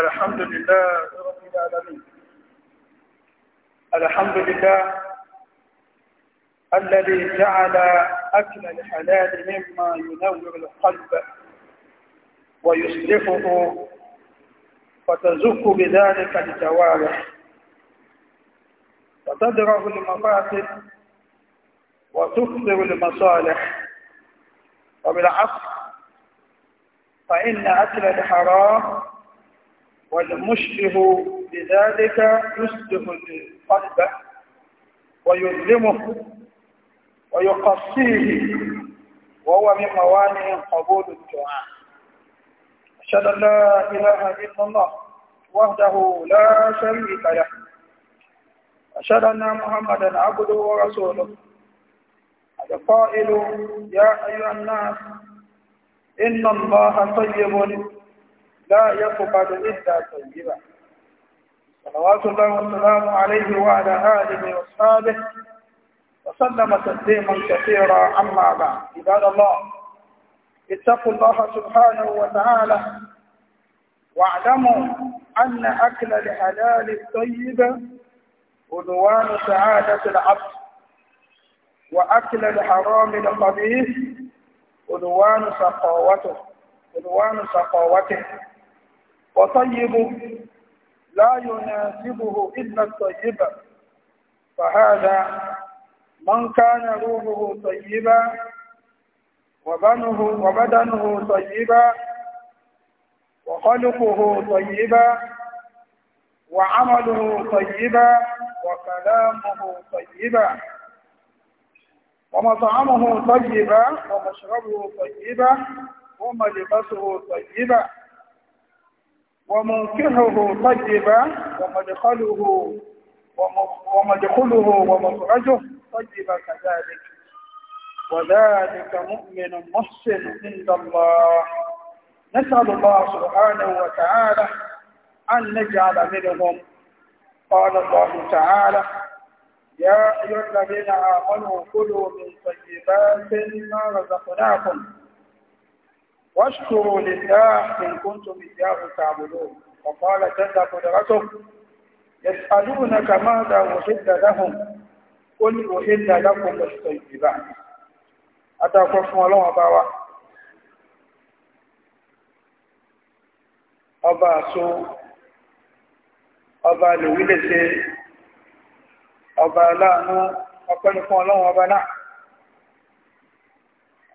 الحمد لله رب العالمين الحمد لله الذي جعل أكل الحلال مما ينور القلب ويصلحه وتزك بذلك الجوارح وتدرع المفاسد وتكثر المصالح وبالعكس فإن أكل الحرام والمشبه بذلك يسده القلب ويظلمه ويقصيه وهو من موانع قبول الدعاء أشهد أن لا إله إلا الله وحده لا شريك له أشهد أن محمدا عبده ورسوله القائل يا أيها الناس إن الله طيب لا يقبل إلا طيبا صلوات الله والسلام عليه وعلى آله وأصحابه وسلم تسليما كثيرا أما بعد عباد الله اتقوا الله سبحانه وتعالى واعلموا أن أكل الحلال الطيب عنوان سعادة العبد وأكل الحرام الخبيث عنوان سقاوته عنوان سقاوته وطيب لا يناسبه إلا الطيب فهذا من كان روحه طيبا وبنه وبدنه طيبا وخلقه طيبا وعمله طيبا وكلامه طيبا ومطعمه طيبا ومشربه طيبا وملبسه طيبا ومنكحه طيبا ومدخله ومدخله ومخرجه طيبا كذلك وذلك مؤمن محسن عند الله نسأل الله سبحانه وتعالى أن نجعل منهم قال الله تعالى يا أيها الذين آمنوا كلوا من طيبات ما رزقناكم واشكروا لله إن كنتم إياه تعبدون وقال جل قدرته يسألونك ماذا أحل لهم قل أحل لكم الطيبات أتاكم الله أبوا ọba àṣó ọba lòwílẹ̀ṣe ọba aláàánú ọpẹ́ nìkan ọlọ́run ọba náà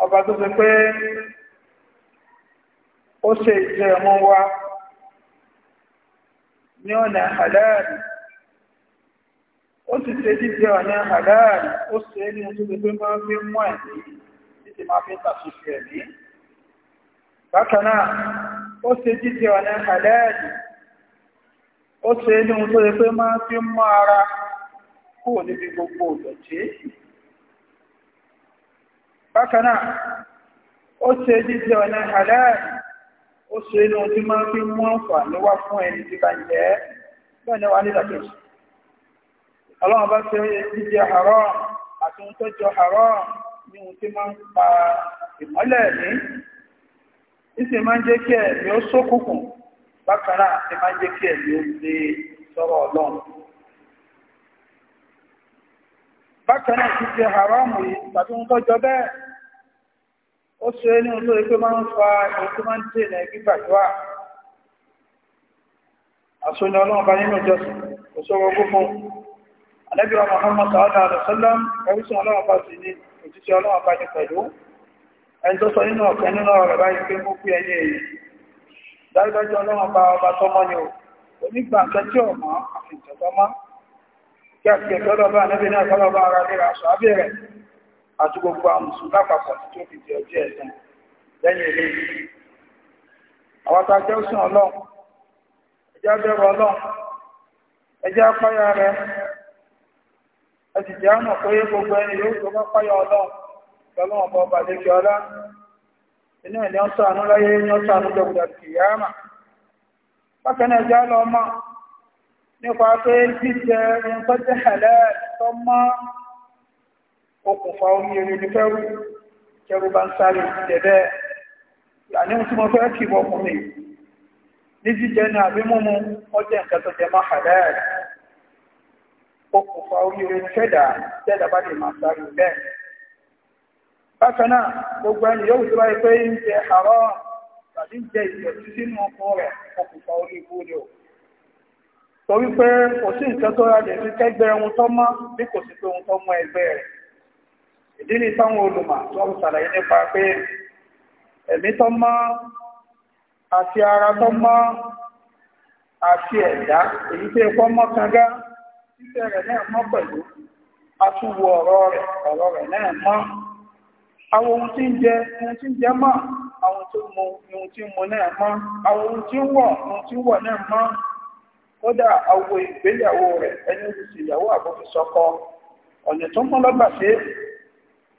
ọba tó fi pé ó ṣe ìjẹ́ ọmọ wa ní ọ̀nà àláàrí ó sì ṣe jíjẹ ọ̀nà àláàrí ó ṣe ní ojú gbogbo máa fi mọ́ ẹ̀mí títí máa fi tàṣíṣẹ́ ẹ̀mí bákan náà ó ṣe jíjẹ ọ̀nà àláàrí ó ṣe ní ojú gbogbo máa fi mọ́ ara kúrò níbi gbogbo òdọ̀tí bákan ó ṣe jíjẹ ọ̀nà àláàrí ó ṣe inú tí máa fi mú àǹfààní wá fún ẹni tí ká jẹ́ bẹ́ẹ̀ ni wà ọlọ́run bá ṣe jíjẹ àárọ̀ àti ohun tó jọ àárọ̀ ní ohun tí máa ń pa ìmọ́lẹ̀ ní ìsì máa ń jẹ́ kí ẹ̀mí ó ṣókùnkùn bákan náà àti máa ń jẹ́ kí ẹ̀mí ó ó ṣe ní olóyè tó máa ń fa èyí tó máa ń dènà gbígbàdúrà àṣọ́nà ọlọ́run bá nínú ìjọsìn kò sọ́wọ́ gbogbo alẹ́bíwá Muhammad sallallahu alaihi wasallam ẹrùsùn ọlọ́run bá sì ní òjíṣẹ́ ọlọ́run bá ní pẹ̀lú ẹni tó sọ nínú ọ̀kẹ́ nínú báyìí pé mú pé ẹyẹ èyí dájúdájú ọlọ́run bá ọba ni onígbà nǹkan tí àti gbogbo àmùsùn lápapọ̀ tí tó fi di ọjọ́ ẹ̀san lẹ́yìn eléyìí àwọn tá a jẹ́ òsùn ọlọ́run ẹjẹ́ abẹ́rù ọlọ́run ẹjẹ́ apáyà rẹ ẹ jẹ́ àmọ̀ pé gbogbo ẹni yóò tó bá páyà ọlọ́run pẹ̀lú ọba ọlá inú ẹ̀ láyé bákan náà ẹjẹ́ nípa pé jíjẹ jẹ́ tó okùnfà omi eré ní fẹ́rù kẹrù bá ń sáré tẹ̀bẹ́ àníhun tí mo fẹ́ kì bọ́ fún mi ní jíjẹ ní àbí múmu wọ́n jẹ́ nǹkan tó jẹ mọ́ halal okùnfà omi eré ní fẹ́dà tẹ́dà bá lè máa sáré bẹ́ẹ̀ bákan náà gbogbo ẹni yóò tó báyìí pé ń jẹ àárọ̀ tàbí ń jẹ ìdọ̀tí sínú ọkùn rẹ̀ okùnfà omi ìbúrò torí pé kò sí nǹkan tó rà lè fi kẹ́gbẹ́ ohun tó mọ́ bí kò sí pé ohun tó mọ́ ẹgbẹ́ rẹ̀ ìdí ni táwọn olùmà tó ń sàlàyé nípa pé ẹ̀mí tó mọ́ àti ara tó mọ́ àti ẹ̀dá èyí tó ẹ̀kọ́ mọ́ kanga títẹ̀ rẹ̀ náà mọ́ pẹ̀lú atúwò ọ̀rọ̀ rẹ̀ ọ̀rọ̀ rẹ̀ náà mọ́ àwọn ohun tí ń jẹ ohun tí ń jẹ mọ́ àwọn tó mu ohun tí náà mọ́ àwọn ohun tí ń wọ̀ ohun tí ń wọ̀ náà mọ́ kódà àwọ ìgbéyàwó rẹ̀ ẹni ti àbófisọkọ ọ̀nà tó mọ́ lọ́gbà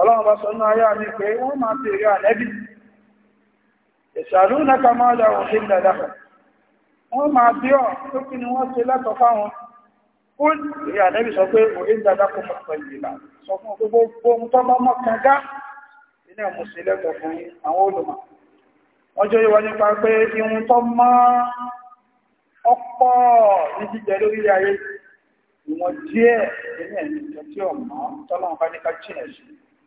ọlọ́run bá sọ ní ayá ní pé wọ́n máa ti rí ànẹ́bì ìṣàlú náà máa dáwọn sí ìdàdàkọ̀ wọ́n máa bí ọ̀ tó kí ni wọ́n ṣe lẹ́tọ̀ fáwọn ó rí ànẹ́bì sọ pé òun ìdàdàkọ̀ pẹ̀lú ìlà sọ fún gbogbo ohun tó bá mọ́ kanga nínú ẹ̀mùsí lẹ́tọ̀ fún àwọn ọ̀pọ̀ ní jíjẹ lórí ayé ìwọ̀n díẹ̀ nínú ẹ̀mí tí ọmọ tọ́lọ́run bá ní ká jìnà sí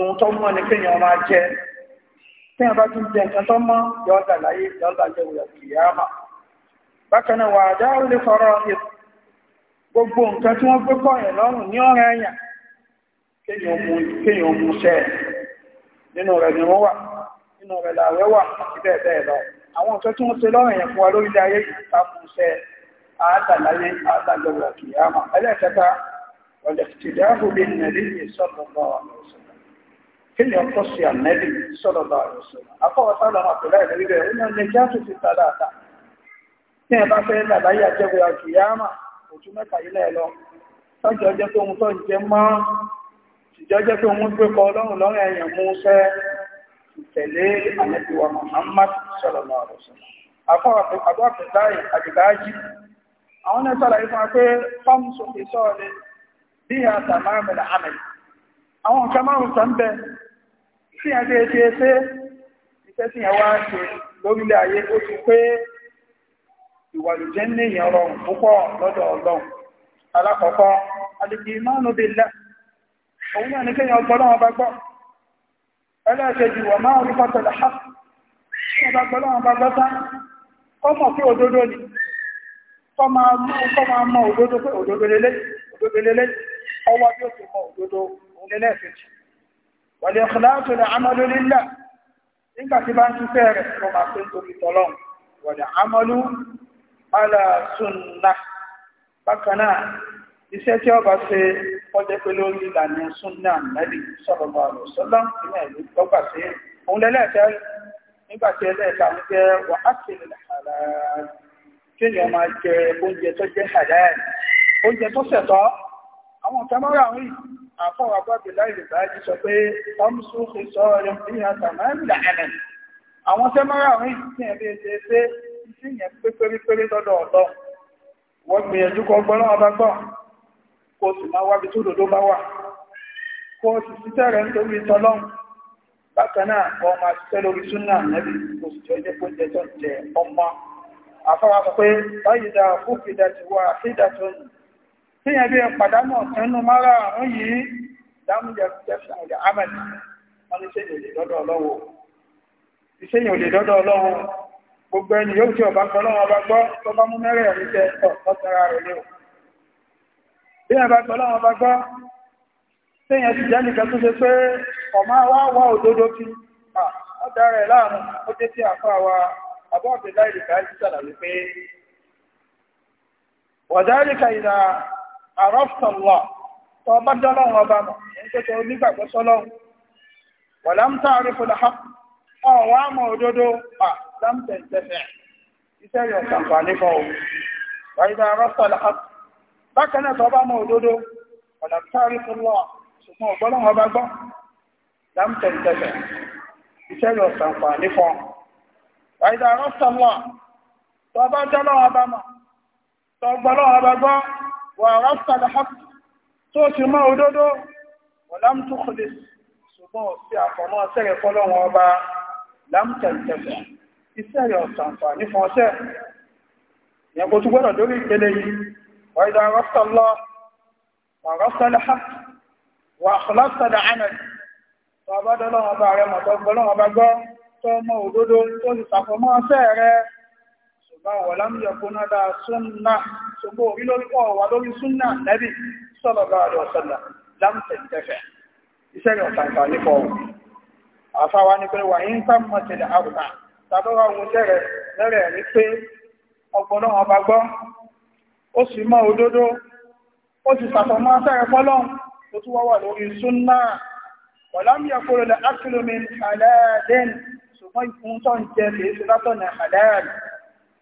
ohun tó mọ́ ní kéèyàn máa jẹ tí wọ́n bá tún jẹ nǹkan tó mọ́ yọ́ọ̀dà láyé yọ́ọ̀dà lẹ́wọ̀ ìyáàmà bákan náà wà dá ó lè gbogbo nǹkan tí wọ́n gbé kọ́yìn lọ́rùn ní ọ̀rẹ́ ẹ̀yà kéèyàn mú iṣẹ́ nínú rẹ̀ ni wọ́n wà nínú rẹ̀ làwẹ́ wà àti bẹ́ẹ̀ bẹ́ẹ̀ lọ àwọn nǹkan tí wọ́n ṣe lọ́rùn yẹn fún wa ayé iṣẹ́ ẹlẹ́ẹ̀kẹta sọ́dọ̀ kílẹ̀ ọkọ̀ sí ànẹ́bì sọ́dọ̀ bá rẹ̀ sọ afọ́wọ́sá lọ́wọ́ àpẹẹrẹ ìlérí rẹ̀ ó ní ọ̀nà ìjà tó fi ta dáadáa tí ẹ bá fẹ́ làbáyé àjẹwò àkìyàmà òtún mẹ́ta ilẹ̀ lọ tọ́jọ́ jẹ́ pé ohun tó ìtẹ̀lé ànẹ́bì Muhammad sallallahu alaihi wasallam àbọ̀ àpẹẹrẹ àgbẹ̀dájì àwọn náà sọ̀rọ̀ ìfún pé fọ́ọ̀mù sọ̀rọ̀ bí i àtàmárùn-ún àmì àwọn nǹkan márùn-ún tàn bẹ́ẹ̀ tí a bẹ́ẹ̀ ṣe pé iṣẹ́ tí yẹn wá ń ṣe lórílẹ̀ ayé ó ti pé ìwàlùjẹ́ ní èèyàn rọrùn púpọ̀ lọ́dọ̀ ọlọ́run alákọ̀ọ́kọ́ alìkì ìmánu bí lẹ́ òun náà ní kéèyàn gbọ́lọ́wọ́ bá gbọ́ ẹlẹ́ẹ̀kejì wọ̀ máa rí pọ́tẹ̀lẹ̀ ha wọ́n ni kọ́ máa mọ òdodo pé òdodo lélẹ́ ọwọ́ bí ó ti mọ òdodo òun lẹ́lẹ́ẹ̀kejì wọ̀lẹ̀ ìkìláàtò lè amọ́lú lílà nígbà tí bá ń ṣiṣẹ́ rẹ̀ kó máa pé nítorí tọ́lọ́n wọ̀lẹ̀ amọ́lú alàsùnà bákan náà iṣẹ́ tí ọba ṣe kọjẹ́ pé lórí ìlànà súnà nàbì sọ̀rọ̀mọ̀ àrò sọ́lá ìpínlẹ̀ ìlú tọ́gbà sí òun lẹ́lẹ́ẹ̀kẹ́ nígbà tí ẹlẹ́ẹ̀kẹ́ àwọn jẹ́ wàhásìlì halal kéèyàn máa jẹ oúnjẹ tó jẹ́ halal oúnjẹ tó ṣẹ̀tọ́ àwọn kẹmọ́rà ń rí àfọwọ́ àbọ̀bì láìlè báyìí sọ pé ọmọsùn fi sọ ọ̀rẹ́ ní àtàmà ń là ẹ̀lẹ̀ àwọn tẹ́mọ́rà àwọn ìsìn ẹ̀bí ṣe pé iṣẹ́ yẹn pé lọ́dọ̀ ọ̀dọ́ wọ́n gbìyànjú kọ́ gbọ́n náà gbọ́n kó sì máa wábi tó dòdó bá wà kó sì ṣiṣẹ́ rẹ̀ nítorí tọlọ́run bákan náà kọ́ tí yẹn bí pàdánù ọ̀tẹ́nu mara àrùn yìí dámúyẹ tẹ́sà ọ̀dẹ̀ ahmed wọn ní sẹ́yìn òlè dọ́dọ̀ ọlọ́wọ́ ìsẹ́yìn òlè dọ́dọ̀ ọlọ́wọ́ gbogbo ẹni yóò tí ọba gbọ́ ọba gbọ́ tó bá mú mẹ́rẹ̀ tẹ rẹ̀ o bí bá gbọ́ lọ́wọ́ ọba gbọ́ ti jẹ́ nìkan tó ṣe pé wá òdodo rẹ̀ àrọ́fùtọ̀lọ̀ tó bá dọ́lọ́run ọba mọ̀ nígbà tó nígbàgbọ́ sọ́lọ́run wọ̀lá ń tà rí fúnra hàn ọ̀wọ́ àmọ̀ òdodo à láǹtẹ̀ ìtẹ̀fẹ̀ iṣẹ́ rẹ̀ ṣàǹfààní fọ́ o wàyíbá àrọ́fùtọ̀lọ̀ hàn bákan náà tó bá mọ̀ òdodo wọ̀lá ń tà rí fúnra ṣùgbọ́n ọ̀gbọ́lọ́run ọba gbọ́ láǹtẹ̀ ìtẹ̀fẹ̀ iṣẹ́ rẹ̀ وعرفت الحق توتي ما ودودو ولم تخلص ṣùgbọ́n sí àfọ̀mọ́ sẹ́rẹ̀ fọ́lọ́wọ́n ọba lámtẹ̀lẹ̀tẹ̀lẹ̀ iṣẹ́ rẹ̀ ọ̀sànfà ní fún ọṣẹ́ ìyẹn kò tún gbọ́dọ̀ lórí ìpele yìí ọ̀dọ̀ arọ́sọ̀lọ́ ọ̀rọ́sọ̀lọ́ wà ọ̀lọ́sọ̀lọ́ ànàl tó ọba dọ́lọ́wọ́n ọba ṣùgbọ́n wọ̀lá ń yẹ kún náà súnnà ṣùgbọ́n orí lórí pọ̀ wà lórí súnnà nẹ́bí sallallahu alaihi wasallam lámùsẹ̀ tẹ́fẹ̀ iṣẹ́ rẹ̀ ọ̀tà ìfà nípa ọ̀hún àfáwa ni pé wà ń sàmọ̀tẹ̀lẹ̀ àrùbà tàbí wà wọ́n tẹ̀rẹ̀ lẹ́rẹ̀ rí pé ọgbọ́n náà ọba gbọ́ ó sì mọ òdodo ó sì sàfọ̀mọ́ sẹ́rẹ̀ fọ́lọ́n tó tún wá lórí súnnà wọ̀lá ń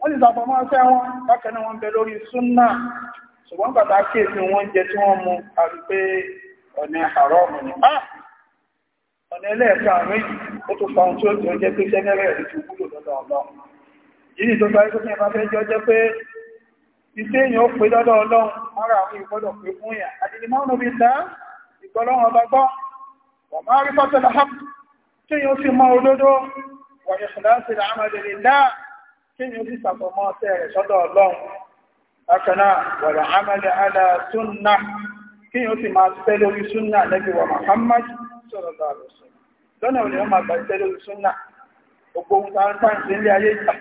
wọ́n ti sàfọ̀mọ́ ọ̀sẹ́ wọn bákan náà wọ́n bẹ lórí súnnà ṣùgbọ́n bàtà kéèsì wọ́n jẹ tí wọ́n mú àrí ọ̀nà àrọ́mù ni ah! ọ̀nà ẹlẹ́ẹ̀kẹ́ àrí ó tó fa ohun tí ó jẹ́ pé iṣẹ́ èèyàn ó lọ́dọ̀ ọlọ́run kí ni ó sì sàfọ̀mọ́ ọ̀tẹ́ rẹ̀ sọ́dọ̀ ọlọ́run akẹ́nà wọ̀rọ̀ amẹ́lẹ̀ alá súnnà kí ni ó sì máa tẹ́ lórí súnnà lẹ́bí wa Muhammad sọ̀rọ̀ lọ́rọ̀ sọ lọ́nà òní ó máa gbà tẹ́ lórí súnnà gbogbo tá ń tà sí ilé ayé ìgbà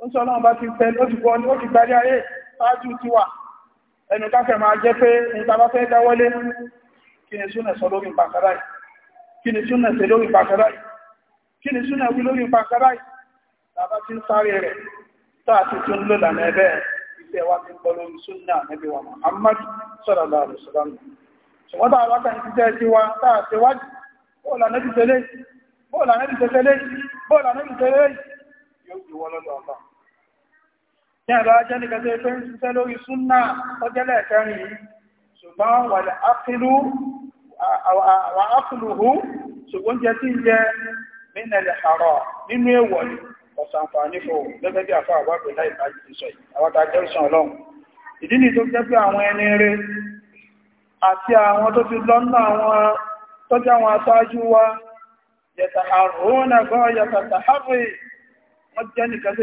ó ń sọ ọlọ́run bá ti tẹ́ ó ti gbọ́ ó ti gbárí ayé ṣáájú tiwa ẹnu káfẹ́ máa jẹ́ pé níta bá fẹ́ dáwọ́lé kí ni súnnà sọ lórí pàkàrà yìí kí ni súnnà sí lórí pàkàrà yìí kí yìí tàbá ti ń sáré rẹ̀ táà ti tún lò lànà ìfẹ́ wa ti pọ̀ lórí súnà wa Muhammad sallallahu alaihi ṣùgbọ́n táà wá kàn jíjẹ́ sí wa táà ṣe wájú bóòlà nẹ́bí tẹ́lẹ̀ bóòlà nẹ́bí tẹ́lẹ̀ bóòlà tẹ́lẹ̀ yóò wọ́n lọ́dọ̀ ní ẹ̀rọ ajẹ́ ní pé ń ṣiṣẹ́ lórí yìí ṣùgbọ́n wà áfìlú hù ṣùgbọ́n jẹ́ ọ̀sánfàní fò gẹ́gẹ́ bí àfà àwọ́gbẹ̀ láì bá ti sọ yìí àwọn tàjẹ́ ìṣàn ọlọ́run ìdí ni tó jẹ́ pé àwọn ẹni rẹ̀ àti àwọn tó ti lọ́nà àwọn tọ́jú àwọn aṣáájú wa yẹ̀tàhàrùn-ún àgọ́ yẹ̀tàhàrùn-ún wọ́n jẹ́ nìkan tó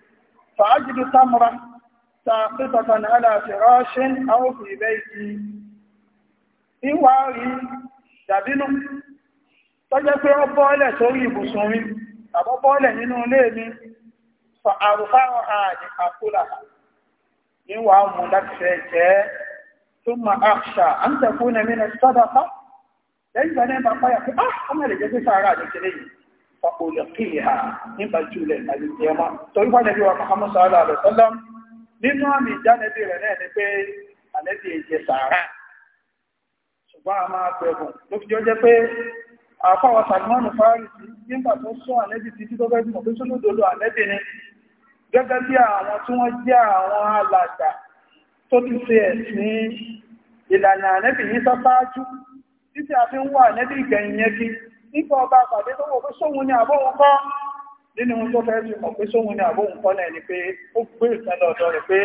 فأجد تمرة ساقطة على فراش أو في بيتي ìwà rí dàbínú tó jẹ́ pé ó bọ́ọ̀lẹ̀ sórí ibùsùn mi àbọ́ bọ́ọ̀lẹ̀ nínú ilé mi fa àrùfáwọ̀ ààdì àkúlà níwà mú láti fẹ́ jẹ́ tó ma àṣà فألقيها نبا جولة القيامة تقول النبي محمد صلى الله عليه وسلم nínú àmì ìjánẹbí rẹ̀ náà ni pé ànẹ́bí èjì sàárà ṣùgbọ́n a máa bẹ̀rùn ló fi jọ jẹ́ pé àfáwà sàgbọ́nù fáàrìsì nígbà tó sọ ànẹ́bí títí tó fẹ́ mọ̀ pé sólódòdó ànẹ́bí ni gẹ́gẹ́ bí àwọn tí wọ́n jẹ́ àwọn alàgbà tó ti ṣe ẹ̀sìn ìlànà ànẹ́bí yìí sáájú títí nípa ọba pàdé tó wò pé sóhun ni àbóhun kọ́ nínú ohun tó fẹ́ ti ni àbóhun kọ́ ni pé ó gbé ìtẹ́lẹ̀ ọ̀dọ́ rẹ̀ pé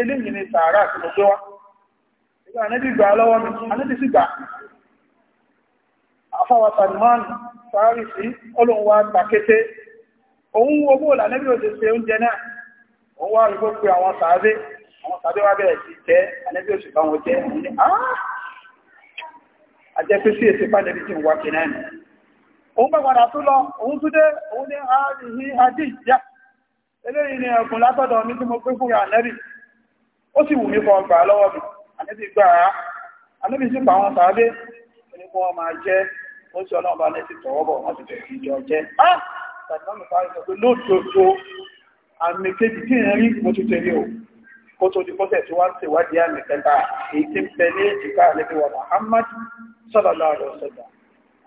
eléyìí ni sàárà tí mo gbé wá ìgbà anábì gbà lọ́wọ́ mi anábì sì gbà àfáwà Salman Farisi olóhùn wa gbà kété òun wo bó lànàbì òde ṣe oúnjẹ náà òun wá rí bó pe àwọn sàábé àwọn sàábé wá bẹ̀rẹ̀ sí jẹ́ anábì òsì bá wọn jẹ́ òun ni àá àjẹpẹ́sí èsì pàdébí tí ń wá kìnnà nù òun pẹ̀pàdà tó lọ òun tó dé òun ní àárín àdí eléyìí ni ẹ̀kùn látọ̀dọ̀ ní tí mo pé fún ànẹ́bì ó sì wù mí kọ gbà a mi ànẹ́bì gbà á ànẹ́bì sì pa àwọn tàbí ẹni kó wọn máa jẹ́ ó sì ní ti ti ìjọ á tàbí sọ pé àmì o kó tó di tí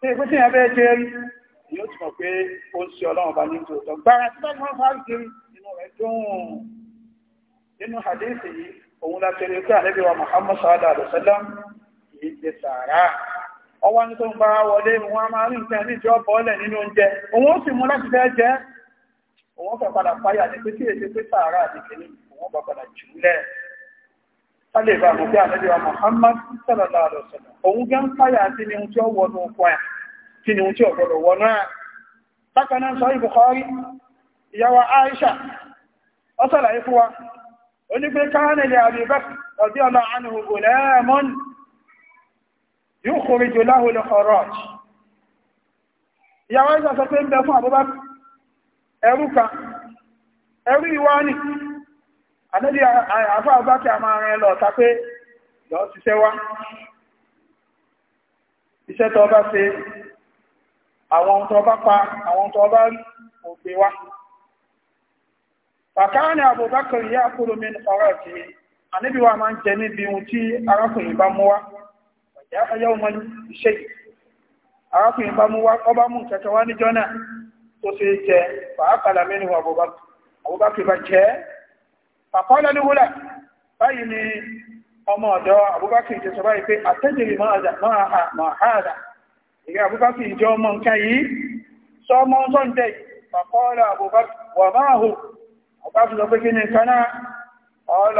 tí ìpín tí ẹ bẹ́ẹ̀ jẹ́ rí yóò ti mọ̀ pé ó ń ṣe ọlọ́run bá ní tòótọ́ gbára tí la tẹ̀lé pé Muhammad sallallahu alaihi wasallam yìí ti sàárà ọwọ́ ní tó ń bá wọlé wọn máa rí nǹkan ní ìjọ bọ́ọ̀lẹ̀ nínú oúnjẹ òun ó sì mú láti fẹ́ jẹ́ òun fẹ́ padà páyà ní pé tí èsì pé sàárà àti kìnnì òun bá padà jùlẹ̀ kálẹ̀ ìbá mọ̀ pé àlẹ́bíwá Muhammad sallallahu alaihi wasallam òun gán fáyà sí ni ohun tí ó wọnú kwaya kí ni ohun tí ó gbọdọ̀ wọnú à bákanáà sọ Bukhari ìyàwó Aisha ó sàlàyé fún wa ó ní pé káàlẹ̀ lè àbí ń bẹ fún Abubakar ẹrú kan ẹrú ìwá ni àdẹ́bí àfá àbákẹ́ àmà rẹ̀ lọ ta pé lọ ṣiṣẹ́ wá iṣẹ́ tó bá ṣe àwọn ohun tó bá pa àwọn ohun tó bá ò gbé wá fàkáàní àbúbákẹ́ ìyá àkúrò mi ní ọ̀rọ̀ ti àníbí wa máa ń jẹ níbi ohun tí arákùnrin bá mú wá ọ̀já ayọ́ ọmọ iṣẹ́ arákùnrin bá mú wá ọba mú kẹkẹ wá níjọ́ náà tó ṣe jẹ fàákàlà mẹ́rin àbúbákẹ́ bá jẹ́ fàkọ́lẹ̀ ní wúlẹ̀ báyìí ni ọmọ ọ̀dọ́ Abubakar ìjọ sọ báyìí pé àtẹ́jìrì máa Abubakar ọmọ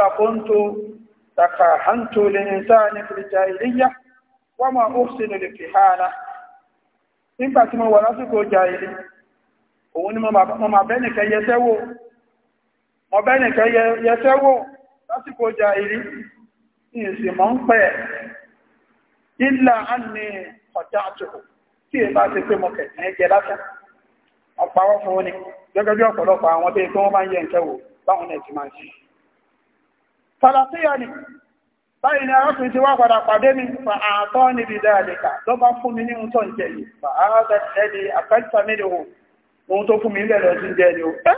Abubakar Abubakar taka hantu lè ní sáà ní fìlìjà wọ́n máa ó sínú lè fi ọbẹ̀ nìkan yẹsẹ́ wò lásìkò jà ìrí ní ìsìnmọ̀ ń pẹ̀ ìlà àní ọjà àtùkù tí è bá ti pé mọ kẹ̀kẹ́ jẹ lásán ọ̀pàwọ́ fún ní gẹ́gẹ́ bí ọ̀pọ̀lọpọ̀ àwọn bí i tó wọ́n ń yẹ ìkẹwò báwọn náà máa ń ṣe ni báyìí ni arákùnrin ti wá padà pàdé mi fa àtọ́ níbi dáadẹ́ka ló bá fún mi ní ohun tó ń jẹ yìí fa àádọ́ ẹni àkẹ́tà ohun tó fún mi lẹ́lọ́ sí jẹ ni ó ẹ́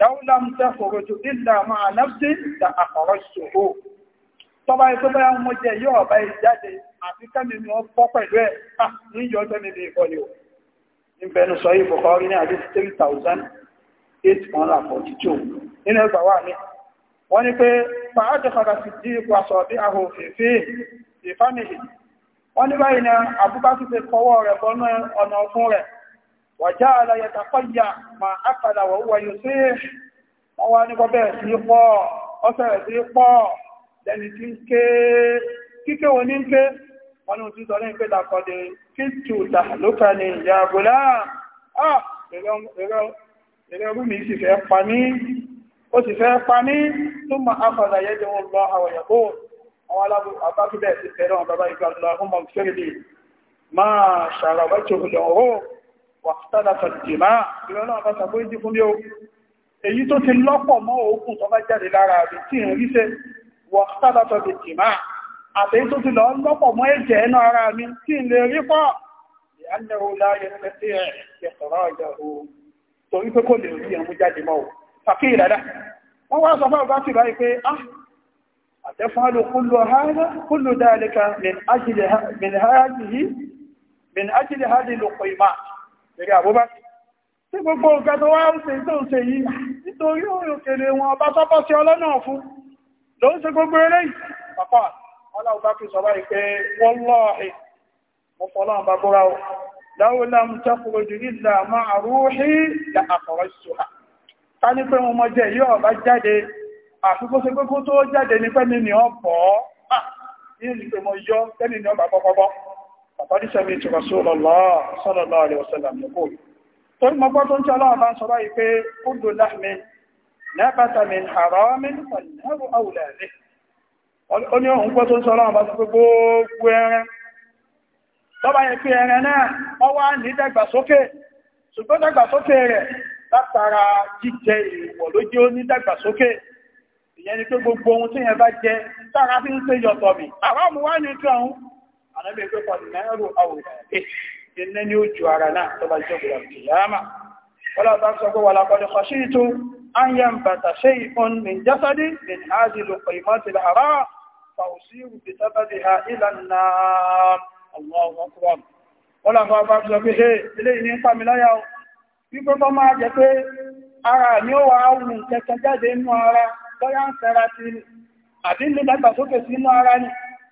dáúlám tẹ́kọ̀rọ̀jù ìlà máa náfsí ìdá àkọ̀rọ̀ṣòro tọba ẹ̀tọ́ bá yá mọ́ jẹ yóò bá ìjáde àti kẹ́mi ni wọ́n bọ́ pẹ̀lú ẹ̀ ní yọ ọjọ́ níbi ìkọlẹ̀ o ìbẹ̀nu sọ yìí Bukhari ní àdé 3842 nínú ẹgbà wà ní wọ́n ní pé fàájọ padà sí dí ipò aṣọ bí ahò fèfé ìfánìlì wọ́n ní báyìí ni Abubakar ti kọwọ́ rẹ̀ bọ́nú ọ̀nà ọ̀fún rẹ̀ wàjáàlá yẹta pọ́yà ma ápàdà wọ̀ wọ̀ yóò sí wọ́n wá ní kọ́bẹ̀ sí pọ́ ọ́sẹ̀rẹ̀ sí pọ́ lẹ́ni tí ń ké kíké wọn ní ń ké wọn ní òtútọ́ ní pé làkọ́dé kí tùtà lókà ní ìyá àbúlá ẹ̀rẹ́ rú mi sì fẹ́ pa mí ó sì fẹ́ pa mí tó ma ápàdà yẹ́ jẹ́ wọn lọ àwọn ìyàbó àwọn alábàákí bẹ́ẹ̀ sì fẹ́ràn bàbá ìgbà ọmọ ìfẹ́rẹ̀lẹ̀ máa ṣàràbà lọ́wọ́ واختلف الجماع لولا ما تقول دي كوم يو اي تو تي لوكو ما او كو تو باجا دي لارا دي تي ري سي واختلف الجماع ابي تو تي لون لوكو ما اي جي نو ارا مي تي لي ري فا لانه لا يستطيع اخراجه تو اي تو كو دي ري امو جادي ما او فكي لا لا ما هو صفا با تي باي كي اه اتفعل كل هذا كل ذلك من اجل من هذه من اجل هذه اللقيمات eré àbúbá tí gbogbo nǹkan tó wá ń ṣe tó ń ṣe yìí nítorí òkèlè wọn ọba tọ́pọ̀ sí ọlọ́nà ọ̀fún ló ń ṣe gbogbo eléyìí pàpà ọlọ́ọ̀bá fi sọ báyìí pé wọ́n lọ́ọ̀hì mo fọlọ́n bá búra o láwùlám فقد سمعت رسول الله صلى الله عليه وسلم يقول torí mo gbọ́ tó ń tí ọlọ́wọ́ bá ń sọ báyìí pé kúndù láàmì nẹ́bàtà mi àrọ́mí pẹ̀lú àwùlẹ̀ rẹ̀ ó ní òun gbọ́ tó ń sọ ọlọ́wọ́ bá sọ pé gbogbo ẹran tó bá yẹ pé ẹran náà wọ́n wá ní dàgbàsókè ṣùgbọ́n dàgbàsókè ànábì pé pọ̀ náírù àwòrán iná ní ojú ara náà tó bá jẹ́ òkúra ìyáàmà wọ́lá bá sọ pé wà lápọ̀lẹ̀ kọ̀ṣí ìtún an yàn bàtà ṣe ìfún min jásádì min áàdì lòpọ̀ ìmọ̀tì àrá fàúsí ìrùbí sábàbí ha ìlànà ọlọ́wọ́kúrọ̀m wọ́lá bá sọ pé ṣe ilé ìní pàmìláyà wípé kọ́ máa jẹ pé ara ní ó wà áwùn kẹta dàgbàsókè sí ara ni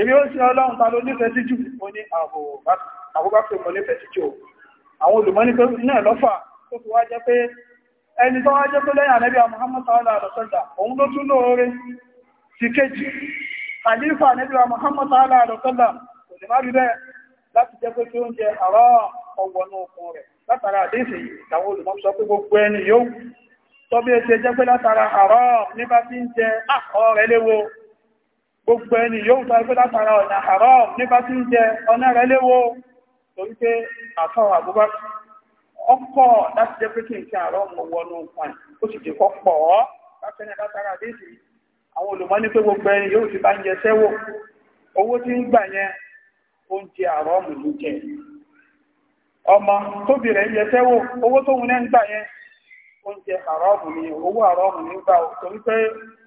èmi ó ṣe ọlọ́run ta ló nífẹ̀ẹ́ sí jù mo ní àbúgbàpẹ̀ mo nífẹ̀ẹ́ sí jù àwọn olùmọ́ni pé náà lọ́fà tó fi wá jẹ́ pé ẹni tó wá jẹ́ pé lẹ́yìn ànẹ́bí Muhammad sallallahu alaihi wasallam òun ló tún lóore ti kéjì khalifa ànẹ́bí Muhammad sallallahu alaihi wasallam kò lè má rí bẹ́ẹ̀ láti jẹ́ pé kí oúnjẹ àrọ́ ọgbọ̀nù okun rẹ̀ látara àdéhìsì ìtàwọn olùmọ́ sọ pé gbogbo ẹni yóò tọ́bí ẹ ṣe jẹ́ pé látara àrọ́ nípa tí ń jẹ àkọ́ ah, rẹ̀ léwo gbogbo ẹni yóò tọ́ ẹgbẹ́ látara ọ̀nà àárọ̀ nípa tí ń jẹ ọ̀nà rẹ̀ léwo torí pé àtọ́ àbúgbà ọkọ̀ láti jẹ́ pé kí n kí àárọ̀ mọ̀ wọnú nǹkan ó sì jẹ́ ọ́ látara àwọn olùmọ́ gbogbo ẹni yóò ti bá ń jẹ owó tí ń gbà yẹn ló jẹ ọmọ tóbi rẹ̀ ń jẹ ni owó ni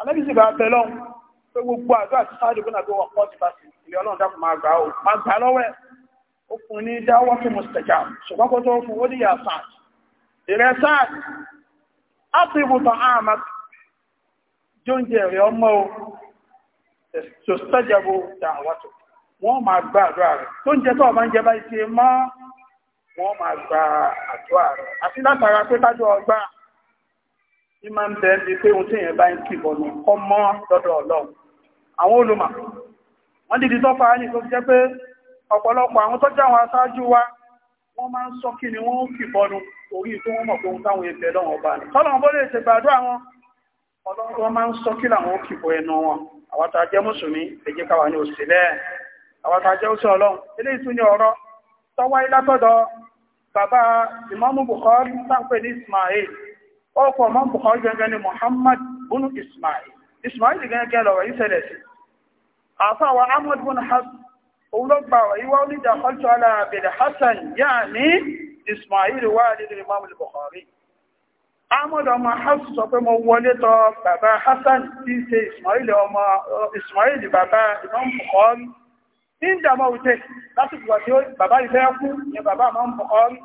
ànábì sì bá bẹ̀ lọ́hùn pé gbogbo àdúrà tí sáà dìbò náà tó wà pọ́ ti bá sí ilé ọlọ́run dákun máa gbà ó máa gbà lọ́wọ́ ẹ̀ ó fún ní dáwọ́ fún mùsùlùmí ṣùgbọ́n kó tó fún ó níyà sáà ìrẹ́ sáà á ti ibùtọ̀ àmà jóúnjẹ rẹ̀ ọmọ o tó sẹ́jẹ̀bù dàwọ́tò wọ́n máa gba àdúrà rẹ̀ tó ń jẹ tó ọmọ ń jẹ báyìí ti mọ́ wọ́n máa gba àdúrà rẹ̀ àti látara pé tájọ́ ọgbà ní máa ń bẹ ń bi pé ohun tí èèyàn bá ń kìbọ̀ ní kọ́ mọ́ lọ́dọ̀ ọlọ́run àwọn olùmọ̀ wọ́n dìdí tọ́fà á ní tó jẹ́ pé ọ̀pọ̀lọpọ̀ àwọn tọ́jú àwọn aṣáájú wa wọ́n máa ń sọ kí ni wọ́n ń kìbọ̀ nu orí tó wọ́n mọ̀ pé ohun táwọn ẹgbẹ́ lọ́wọ́ ọba ni tọ́lọ́run bó lè ṣe a jẹ́ mùsùlùmí ẹ jẹ́ káwa ní òsì bẹ́ẹ̀ àwọn tá a jẹ́ òsì ọlọ́run eléyìí tún ní ọ̀rọ̀ ọkọ̀ ọmọ Bukhari gẹ́gẹ́ ni Muhammad bin Ismail Ismail gẹ́gẹ́ lọ́wọ́ ìṣẹ̀lẹ̀ sí àfáwà Ahmad bin Hassan olóògbà ìwá oníjà kọjọ́ alábẹ̀rẹ̀ Hassan yà ní Ismail wà nínú Imam Bukhari Ahmad ọmọ Hassan sọ pé mo wọlé tọ̀ bàbá Hassan tí í ṣe Ismail ọmọ Ismail bàbá Imam Bukhari ní ìdàmọ́ òjẹ́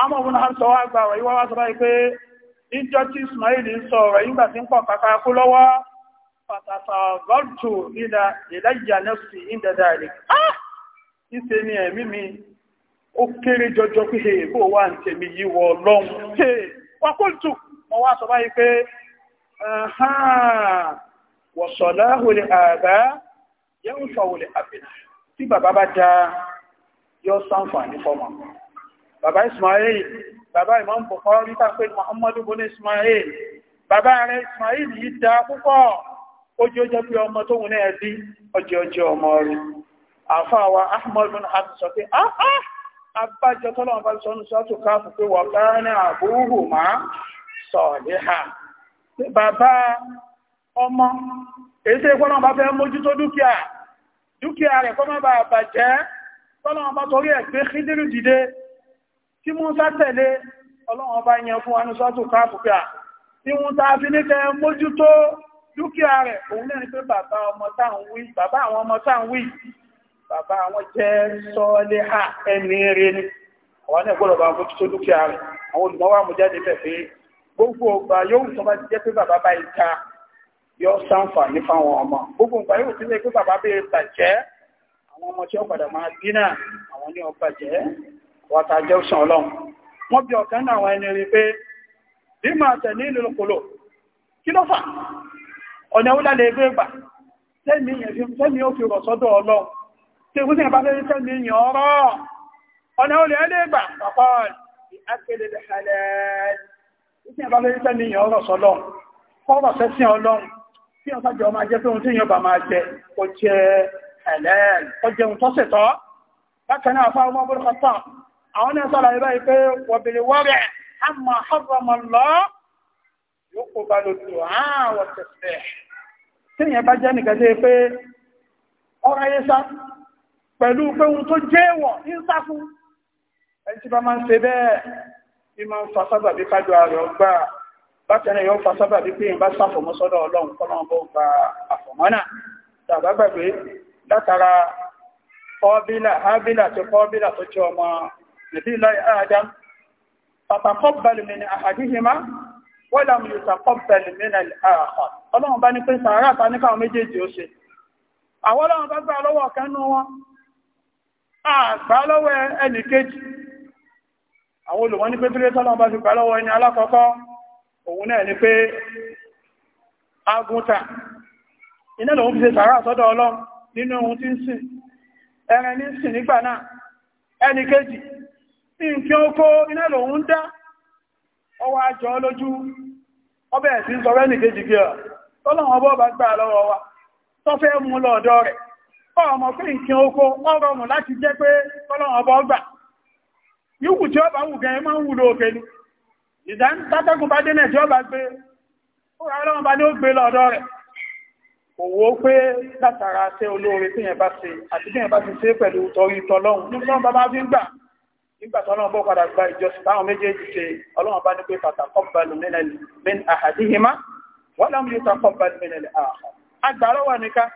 àmọ́ òun náà sọ wá gbà rẹ̀ yíwá wá sọ báyìí pé ìjọ tí Ismail ń sọ rẹ̀ nígbà tí ń pọ̀ kàkà kú lọ́wọ́ pàtàkì gọ́ọ̀tù nílà ìlẹ́yà nẹ́sì ìdẹ̀dà rẹ̀ ìṣe ni ẹ̀mí mi ó kéré jọjọ pé he kó wà ń tèmi yí wọ lọ́n he wàkúntù mo wá sọ báyìí pé wọ̀sọ̀lá olè àbá yẹ́ ń àbìnà tí bàbá bá da yọ sáǹfà ní fọ́mọ̀ bàbá Ismail bàbá Imam Bukhari tàpé Muhammadu bin Ismail bàbá rẹ̀ Ismail yìí dá púpọ̀ ojú ọjọ́ pé ọmọ tó wù náà bí ọjọ́ ọjọ́ ọmọ rẹ̀ àfáàwà Ahmad bin Hanbal sọ pé áá ah, ah, abájọ tọ́lọ́wọ́n bá sọ ní sọ́tù káàpù pé wà bá ní àbúrò má sọ̀lẹ́hà bàbá ọmọ èyí tí ìpọ́nà bá fẹ́ mójútó dúkìá dúkìá rẹ̀ kọ́ má bàa bàjẹ́ tọ́lọ́wọ́n bá torí ẹ̀ gbé kíndìrì dìde tí Musa tẹ̀lé ọlọ́run ọba yẹn fún anúsọ́tù káàkùkà tí Musa fi ní kẹ mójútó dúkìá rẹ̀ òun lẹ́ni pé bàbá ọmọ táwọn wí bàbá àwọn ọmọ táwọn wí bàbá àwọn jẹ́ sọ́ọ́lẹ́ ha ẹni rẹ ni àwọn náà gbọ́dọ̀ bá mójútó dúkìá rẹ̀ àwọn olùmọ́wà mú jáde bẹ̀ pé gbogbo ọgbà yóò tó bá jẹ́ pé bàbá bá ìta yóò sáǹfà ní fáwọn ọmọ gbogbo ọgbà yóò tó jẹ́ pé bàbá bẹ́ẹ̀ bàjẹ́ àwọn ọmọ tí ó padà máa bí àwọn ní ọgbà jẹ́ wọ́ta jẹ́ òṣàn ọlọ́run wọ́n bí ọ̀kan náà àwọn ẹni rí pé bí máa tẹ̀lé ìlú kòlò kí ló fà ọ̀nà ìwúlẹ̀lẹ̀ ẹgbẹ́ ìgbà tẹ́mi ó fi rọ̀ sọ́dọ̀ ọlọ́run tí ó sì ń bá fẹ́ rí tẹ́mi yàn ọ̀rọ̀ ọ̀nà ìwúlẹ̀lẹ̀ ìgbà pàpọ̀ ìákẹ́lẹ̀ halẹ̀ ó sì ń bá fẹ́ rí tẹ́mi yàn ọ̀rọ̀ sọ́lọ́run kọ́rọ̀ sẹ́sìn ọlọ́run tí ọ̀sá jọ máa jẹ́ pé ohun tí èèyàn bá máa jẹ kò jẹ ẹ̀lẹ́ kò jẹun tọ́sẹ̀tọ́ bákan náà fáwọn ọmọ bọ́lọ́kọ́tà àwọn náà sọ́la ibá ipé wọ̀bìlì wọ́rẹ̀ a máa hàrọ̀mọ̀ lọ yóò kó bá lò tó àwọ̀ tẹ̀sẹ̀ tí yẹn bá jẹ́ nìkan jẹ́ pé ọ̀rọ̀ ayé sá pẹ̀lú pé ohun tó jẹ́ wọ̀ ní sáfún ẹni tí bá máa ń ṣe bẹ́ẹ̀ bí máa ń fa sábà bí ààrẹ ọgbà bákan yóò fa sábà pé ìbá sáfọ̀mọ́ ọlọ́run kọ́lọ́run gba àfọ̀mọ́nà tàbá gbàgbé látara kọ́bílà hábílà tó kọ́bílà tó jẹ́ ọmọ نبي الله آدم فتقبل من أحدهما ولم يتقبل من الآخر ọlọ́run bá ní pé sàárà ta ní káwọn méjèèjì ó ṣe àwọn ọlọ́run bá gbà lọ́wọ́ kẹ́nu wọn àgbà ẹni alákọ̀ọ́kọ́ ni pé agúntà iná lòun fi ṣe sàárà sọ́dọ̀ ọlọ́run nínú ohun tí ń sìn ẹran nǹkan oko iná lòun dá ọwọ́ àjọ lójú ọbẹ̀ ẹ̀sìn sọ rẹ́ nìkejì gẹ́ tọ́lọ̀wọ́n bọ́ bá gbà lọ́wọ́ wa tọ́ fẹ́ mú lọ́ọ̀dọ́ rẹ̀ ọmọ fún nǹkan oko ọrọ̀mù láti jẹ́ pé tọ́lọ̀wọ́n bọ́ gbà yíkù tí ó bá wù gẹ̀ẹ́ máa ń wù lóòkè ni ìdán tátẹ́kùn bá dé nẹ̀jọ́ bá gbé fúra ọlọ́run bá ní ó gbé lọ́ọ̀dọ́ rẹ̀ kò wó pé látara ṣe olóore tí yẹn bá ṣe àti bí yẹn bá ṣe ṣe pẹ̀lú tọrí tọlọ́run nígbà bá bá fi ń gbà nígbà tó ọlọ́run bọ́ padà gba ìjọsìn táwọn méjèèjì ṣe ọlọ́run bá ní pé fataqabbalu min ahadihima wa lam yutaqabbal min al-akhar agbàlọ́wọ́ ẹnìkan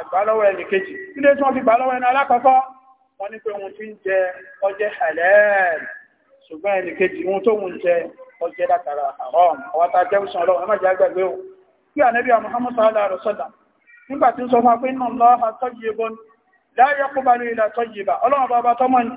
agbàlọ́wọ́ ẹnìkejì ilé tí wọ́n fi gbàlọ́wọ́ ẹni alákọ̀ọ́kọ́ wọ́n ní pé ohun tí ń jẹ ọjẹ́ halal ṣùgbọ́n ẹnìkejì ohun tó ń jẹ ọjẹ́ látara haram ọwọ́ta jẹ́wùsàn ọlọ́run ẹmọ́jẹ́ agbẹ̀gbẹ̀ o bí ànẹ́bí Muhammad sallallahu alaihi la yaqbalu illa tayyiba ọlọ́run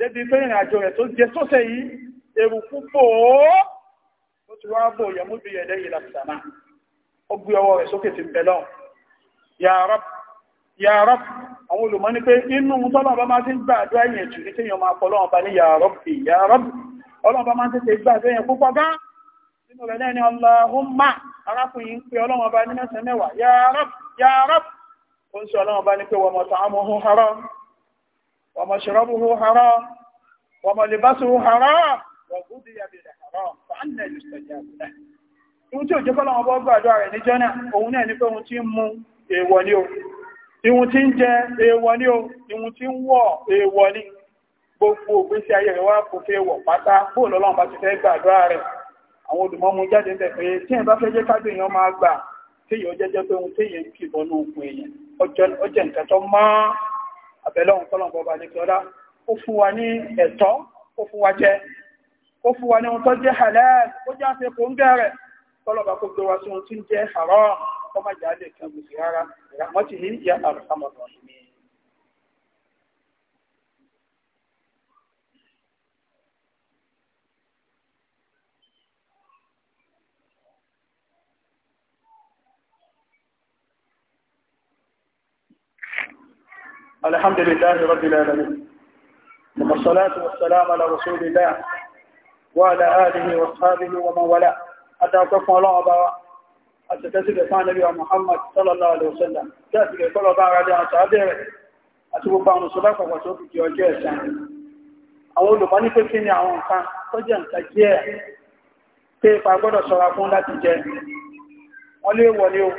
débi pé ìrìn àjò rẹ̀ tó jẹ sóṣẹ̀ yìí èrù púpọ̀ ó ti wá bò yẹmú bí ẹ̀dẹ́ yìí làtìsàmà ó gbé ọwọ́ rẹ̀ sókè ti bẹ̀ lọ́n ya Rabb ya Rabb àwọn olùmọ́ ní pé inú tọ́lọ́ bá máa ti gbà àdó ẹ̀yìn jù ní kéèyàn máa pọ̀lọ́wọ́n bá ní ya Rabb kì ya Rabb ọlọ́run bá máa ti ṣe gbà àdéyàn púpọ̀ gán nínú rẹ̀ lẹ́ni Allahumma arákùnrin pé ọlọ́run bá ní mẹ́sàn-án mẹ́wàá ya Rabb ya ومشربه حرام وملبسه حرام وغذي حرام فأنا يستجاب له ohun tí ò jẹ́ kọ́lọ̀ ọmọ gbàjọ́ rẹ̀ ní jọ́nà òun náà ní pé ohun tí ń mu èèwọ̀ ni o ihun tí ń jẹ èèwọ̀ ni o ihun tí ń wọ̀ èèwọ̀ ni gbogbo ògbésí ayé rẹ̀ wá kò fẹ́ wọ̀ pátá bóò lọ́lọ́run bá ti fẹ́ gbàjọ́ rẹ̀ àwọn olùmọ́mú jáde tẹ̀ pé tí ẹ̀ bá fẹ́ jẹ́ kájú èèyàn máa gbà tí èèyàn jẹ́jẹ́ pé ohun tí èèyàn kì bọ́nú òkun èèyàn ọjọ́ nǹkan tó máa àbẹ̀lọ́hun kọ́lọ̀bọ̀ bá nìkẹ́ ọlá ó fún wa ní ẹ̀tọ́ ó fún wa jẹ ó fún wa ní ohun tó jẹ́ halal ó jẹ́ àti kò ń gẹ̀rẹ̀ kọ́lọ̀bà kó sí ohun tí ń jẹ́ haram ọmọ ìyá lè kẹ́ rárá ìràmọ́tì ní الحمد لله رب العالمين والصلاة والسلام على رسول الله وعلى آله واصحابه ومن والاه أتاكف الله أبا أتتسل فان نبي محمد صلى الله عليه وسلم تأتي كل بعض أصحابه أتبقى عن صلاة وصوت جوجه سان àwọn olùmọ́ ní pé kí ni àwọn nǹkan tó jẹ́ nǹkan jẹ́ pé ipa gbọ́dọ̀ ṣọ́ra fún láti jẹ wọ́n lé wọlé o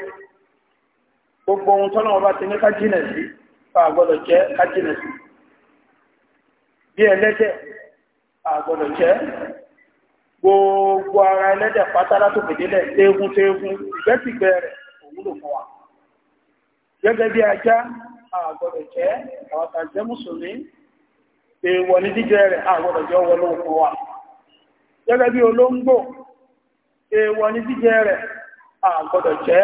gbogbo ohun tọ́lọ́wọ́ bá ti ní ká jìnà sí àgbọ́dọ̀ jẹ́ kájínà sí bí ẹlẹ́dẹ̀ àgbọ́dọ̀ jẹ́ gbogbo ara ẹlẹ́dẹ̀ pátálá tó fèdílẹ̀ téégún téégún ìgbẹ́sìgbẹ́ rẹ̀ òun fún wa gẹ́gẹ́ bí ajá àgbọ́dọ̀ jẹ́ àwọn mùsùlùmí èèwọ̀ ní jíjẹ rẹ̀ àgbọ́dọ̀ jẹ́ fún wa gẹ́gẹ́ bí olóńgbò èèwọ̀ ní jíjẹ rẹ̀ àgbọ́dọ̀ jẹ́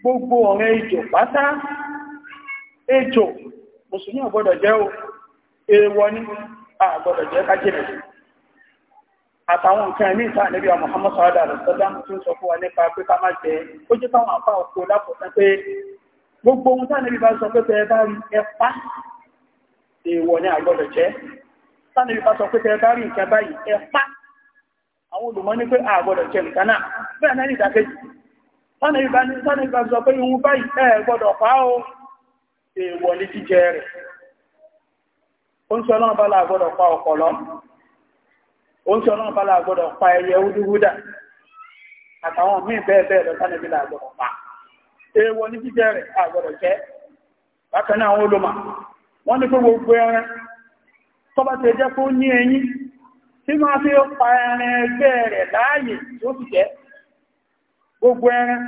gbogbo ọ̀rẹ́ ìjò ejò musulmi àgbọ́dọ̀ jẹ́ o èèwọ̀ ní àgbọ́dọ̀ jẹ́ kájìnà àtàwọn nǹkan ẹ̀mí ìta níbi àwọn Muhammad sọ́dá tí ń sọ fún wa nípa pé ká má jẹ ó jẹ́ àpá pé gbogbo ohun taa níbi bá sọ pé tẹ́ẹ̀ bá rí ní àgbọ́dọ̀ jẹ́ bá sọ pé báyìí jẹ gbọ́dọ̀ ṣe wọlé jíjẹ rẹ̀ ó ń sọ náà bá pa ọ̀pọ̀lọ́ ó ń sọ náà bá pa ẹyẹ wúdúwúdà àtàwọn míì bẹ́ẹ̀ bẹ́ẹ̀ lọ sánàbí làgbọ́dọ̀ pa èèwọ̀ jíjẹ rẹ̀ àgbọ́dọ̀ jẹ́ bákan náà àwọn olùmọ̀ wọ́n ní pé gbogbo ẹran tó bá ti jẹ́ gbogbo ẹran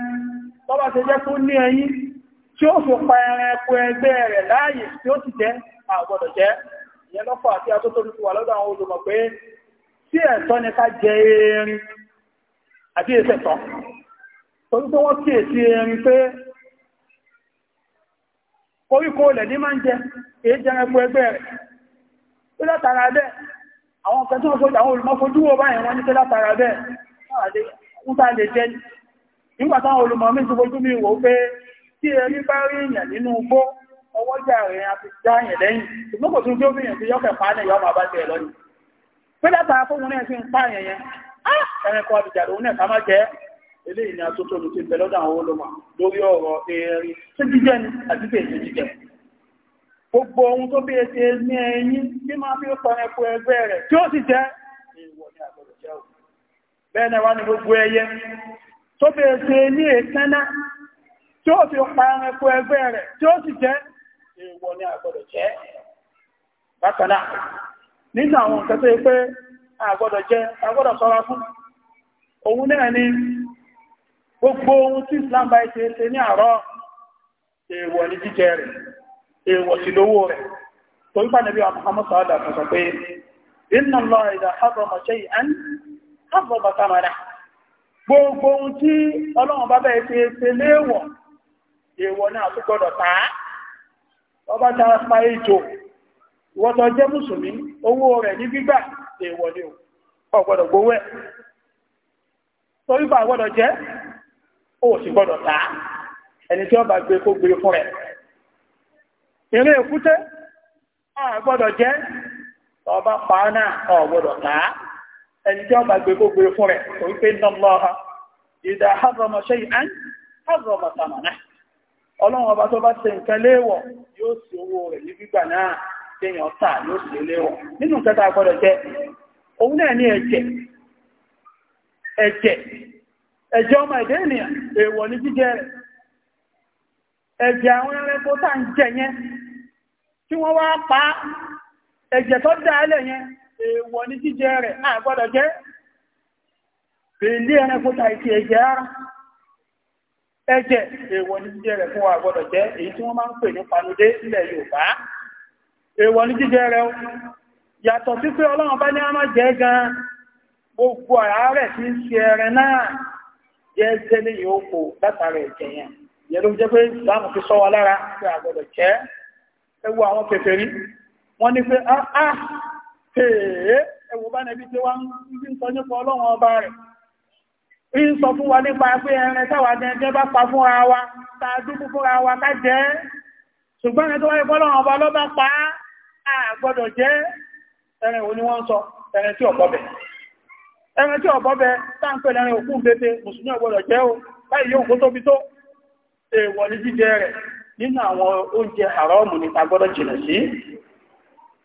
tó bá ti jẹ́ tí ó fi pa ẹran ẹkù ẹgbẹ́ rẹ̀ láàyè tí ó ti jẹ́ àgbọ̀dọ̀ jẹ́ ìyẹn lọ́fọ̀ àti atótórí ti wà lọ́dọ̀ àwọn olùmọ̀ pé tí ẹ̀tọ́ ni ká jẹ erin àti ìṣẹ̀tọ̀ torí pé wọ́n kíyè sí erin pé koríko olè ní máa ń jẹ èé jẹ ẹkù ẹgbẹ́ rẹ̀ tó látara bẹ́ẹ̀ àwọn kan tí wọ́n fojú àwọn olùmọ̀ fojú wọ báyìí wọ́n ní tó látara bẹ́ẹ̀ nígbà olùmọ̀ mi ti fojú mi wò pé tí ẹrí bá rí èèyàn nínú igbó ọwọ́jà rẹ̀ a ti já lẹ́yìn ṣùgbọ́n kò tún tí ó fi yàn sí yọ́kẹ̀ pa lọ́yìn pa yẹn ẹ̀rìn àbìjà lòun náà ká má jẹ́ eléyìí ni atótó ti bẹ lọ́dọ̀ àwọn olùmọ̀ lórí ọ̀rọ̀ gbogbo ohun tó bí ẹsẹ̀ ní ẹyin bí máa fi pọn ẹkọ ẹgbẹ́ rẹ̀ tí ó sì jẹ́ ìwọ̀ ní jẹ́ bẹ́ẹ̀ tí ó fi pa ẹranko ẹgbẹ́ rẹ̀ tí ó sì jẹ́ èèwọ̀ ní àgbọ̀dọ̀ jẹ́ bákan nínú àwọn nǹkan tó yẹ pé àgbọ̀dọ̀ jẹ́ àgbọ̀dọ̀ fún òun gbogbo ohun tí Islam bá ṣe ṣe ní àárọ̀ èèwọ̀ ní jíjẹ rẹ̀ èèwọ̀ sí lówó rẹ̀ sọ́ọ́dà sọ pé gbogbo ohun tí Ọlọ́run bá ṣe èèwọ̀ náà tó ọba ta pa ejò ìwọ́tọ̀ jẹ́ mùsùlùmí owó rẹ̀ ní gbígbà ni ò gbọ́dọ̀ gbówẹ́ torí bá jẹ́ ó sì ẹni tí ó bá gbé kó gbé fún rẹ̀ èkúté a jẹ́ ọba pa náà ẹni tí ó bá gbé kó gbé fún rẹ̀ nọ́mọ́ ìdá ọlọ́run ọba tó bá ṣe nǹkan léèwọ̀ yóò sí owó rẹ̀ ní gbígbà náà tà yóò nínú a náà ní ẹ̀jẹ̀ ẹ̀jẹ̀ ẹ̀jẹ̀ ọmọ ènìyàn èèwọ̀ ní jíjẹ rẹ̀ ẹ̀jẹ̀ àwọn ẹranko tá ń jẹ yẹn tí wọ́n wá pa ẹ̀jẹ̀ tó dáálẹ̀ yẹn èèwọ̀ ní jíjẹ rẹ̀ a gbọ́dọ̀ bèèlé ẹranko tá ẹ̀jẹ̀ ara ẹ̀jẹ̀ èèwọ̀ ní jíjẹ rẹ̀ fún wa gbọ́dọ̀ jẹ́ èyí tí wọ́n máa ń pè ní panudé ilẹ̀ Yorùbá èèwọ̀ ní jíjẹ rẹ̀ yàtọ̀ sí pé Ọlọ́run bá ní a máa jẹ gan gbogbo àárẹ̀ tí ń ṣe ẹrẹ náà jẹ́ tẹ́lẹ̀ yóò kò látara ẹ̀jẹ̀ yẹn yẹn ló jẹ́ pé ìsìláàmù fi sọ wa lára pé a gbọ́dọ̀ jẹ́ ẹwọ àwọn kèfèrí wọ́n ní pé áá ah, ah, ẹ̀wọ̀ bá nẹbi tí wọ́n ń sọ nípa Ọlọ́run ọba rẹ̀ ń sọ fún wa nípa pé ẹran táwa jẹ́ bá pa fúnra wa ta dúkú fúnra wa ká jẹ́ ṣùgbọ́n ẹni tó wáyé bọ́lọ́run ọba ló bá pa á gbọ́dọ̀ jẹ́ ẹran òní wọ́n sọ ẹran tí ọ̀bọ̀bẹ̀ ẹran tí ọ̀bọ̀bẹ̀ táǹpẹ̀ lẹ́rin òkú bèbè mùsùlùmí ọ̀gbọ́dọ̀ jẹ́ o báyìí yóò kó tóbi tó èèwọ̀ ní jíjẹ rẹ̀ nínú àwọn oúnjẹ àrọ́ọ̀mù ní ta gbọ́dọ̀ jìnà sí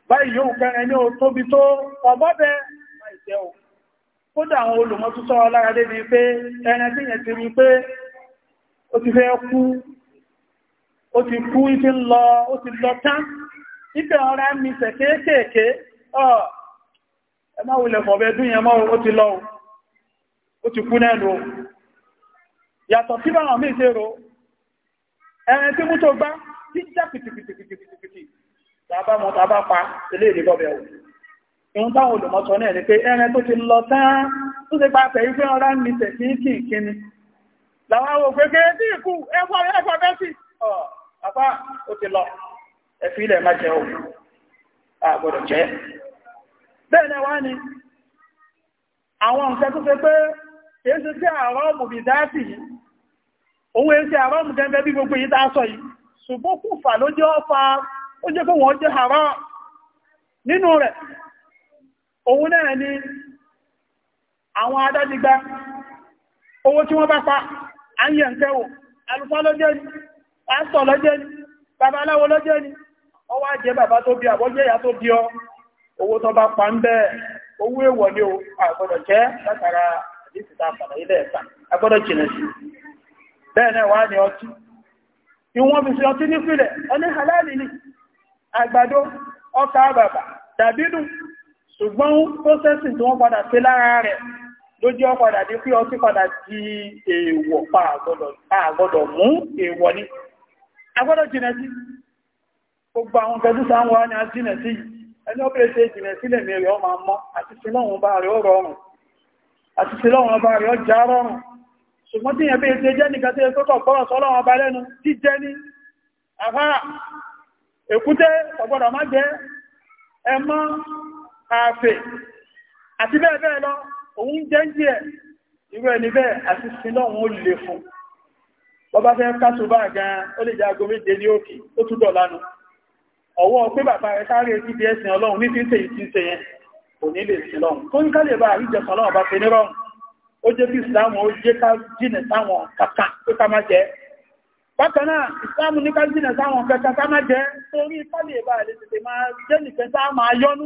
báyìí yóò kẹrin ní o tóbi tó ọ̀bọ̀bẹ̀ báyìí jẹ́ o kódà àwọn olùmọ́tútọ́ lára débi pé ẹran tí yẹn ti rí pé ó ti fẹ́ kú ó ti kú ìfí lọ ó ti lọ tán ìfẹ́ ọ̀rá mi sẹ̀ kéékèèké ọ̀ ẹ má wulẹ̀ fọ̀bẹ̀ dún yẹn mọ́ ó ti lọ ó ti kú náà lò yàtọ̀ sí báwọn mí ṣe ro ẹran tí mú tó gbá tí ìwọ́n táwọn olùmọ́sọ náà ni pé ẹran tó ti lọ tán tó ti pàtẹ̀ ìgbé ọ̀rá ní tẹ̀kíkì ìkíni làwọn àwọn òfẹ́gẹ́ tí ìkú ẹfọ́ ẹfọ́ bẹ́sì ọ̀ àpá ó ti lọ ẹ̀fí ilẹ̀ má jẹ́ òun àgbọ̀dọ̀ jẹ́ bẹ́ẹ̀ náà wá ni àwọn nǹkan tó ṣe pé kìí ṣe sí àrọ́mù bí dáàtì yìí òun èé ṣe àrọ́mù gẹ́gẹ́ bí gbogbo yìí tá a sọ yìí ṣùgbọ́n òun náà ni àwọn adájígbá owó tí wọ́n bá pa àyẹ̀ ǹkẹ́wò alùfá ló ni pásọ̀ ló ni babaláwo ló ni ọ wá baba bàbá tó bí àbọ́jẹ́ ìyá tó bí ọ owó tó bá pa ń bẹ́ owó èwọ̀ ni o àgbọ́dọ̀ jẹ́ látara ìsìta bẹ́ẹ̀ ni agbado, ṣùgbọ́n pósẹ́sì tí wọ́n padà ṣe lára rẹ̀ ló jẹ́ ọ̀padà dé pé ọtí padà di èèwọ̀ pa àgbọ́dọ̀ mú èèwọ̀ ni agbọ́dọ̀ jìnà sí gbogbo àwọn pẹ̀lú sáwọn ni a jìnà sí ẹni ó bèèrè ṣe jìnà sílẹ̀ mi rẹ̀ ọ máa mọ́ àti sílọ́run bá rẹ̀ ó rọrùn àti sílọ́run bá rẹ̀ ó já rọrùn ṣùgbọ́n tí yẹn bèèrè ṣe jẹ́ nìkan tí ẹ sọ́kọ̀ gbọ́rọ̀ sọ́lọ́run bá lẹ́nu jíjẹ́ ní àfárá èkúté ọgbọ́dọ̀ má jẹ́ ẹ mọ́ ààfẹ́ àti bẹ́ẹ̀ bẹ́ẹ̀ lọ òun jẹ́ ń jẹ́ irú ẹni bẹ́ẹ̀ àti sinọ́ òun lè fún bọ́bá fẹ́ kásù bá gan ó lè jẹ́ aago méje ní òkè ó túbọ̀ lánàá ọwọ́ pé bàbá rẹ̀ sáré sí bí ẹ̀sìn ọlọ́run ní títẹ̀ ìtìsẹ̀ yẹn kò ní lè sí lọ́run tó ń ká lè bá àríjẹ kan lọ́wọ́ bá fi ní rọrùn ó jẹ́ bí ìsìláàmù ó jẹ́ ká jìnà sáwọn kàkà tó ká má jẹ́ bákan náà ìsìláàmù ní ká jìnà sáwọn kàkà ká má jẹ́ torí ká lè bá àlejò máa jẹ́ nìkan sáà máa yọnu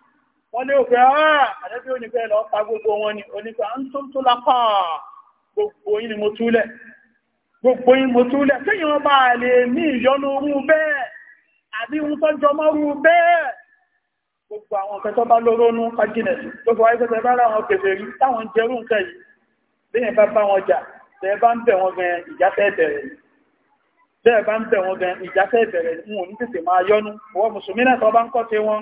wọ́n lé òfin àá àdẹ́bí onífẹ́ lọ pa gbogbo wọn ni onífẹ́ à ń tó tó lápá gbogbo yìí ni mo túlẹ̀ gbogbo yìí mo túlẹ̀ kéyìn wọn bá lè ní ìyọnu orú bẹ́ẹ̀ àbí ohun tó jọmọ́ orú bẹ́ẹ̀ gbogbo àwọn nǹkan tó bá lórónú fagilẹ̀ gbogbo wáyé pẹ́pẹ́ bá ráwọn kẹfẹ́ rí táwọn jẹrú nǹkan yìí lẹ́yìn bá bá wọn jà tẹ́ẹ̀ bá ń bẹ̀ wọn gan ìjà fẹ́ bẹ̀rẹ̀ ni tẹ́ẹ̀ bá ń bẹ̀ wọn gan ìjà fẹ́ bẹ̀rẹ̀ ni wọn ò ní tètè máa yọnu ọwọ́ mùsùlùmí náà tó bá ń kọ́ sí wọn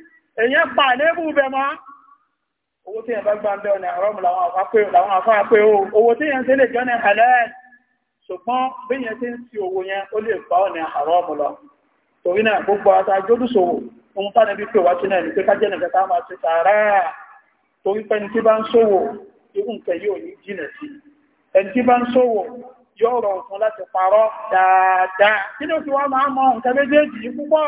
èyàn pa àlébù bẹ mọ́ owó tí yẹn bá gbá bẹ́ ọ̀nà àrọ́mù làwọn afá pé o owó tí yẹn tí lè jọ́nà halal ṣùgbọ́n bí yẹn tí ń fi owó yẹn ó lè bá ọ̀nà àrọ́mù lọ torí náà gbogbo ata jódúsòwò ohun tánà bí pé wá sí náà ní pé kájẹ́ nìkan táwọn àti sàárà torí pẹ́ni tí bá ń ṣòwò irú nǹkan yóò ní jìnà sí ẹni tí bá ń ṣòwò yóò rọrùn fún láti parọ́ dáadáa kí ló fi wá máa mọ nǹkan méjèèjì púpọ̀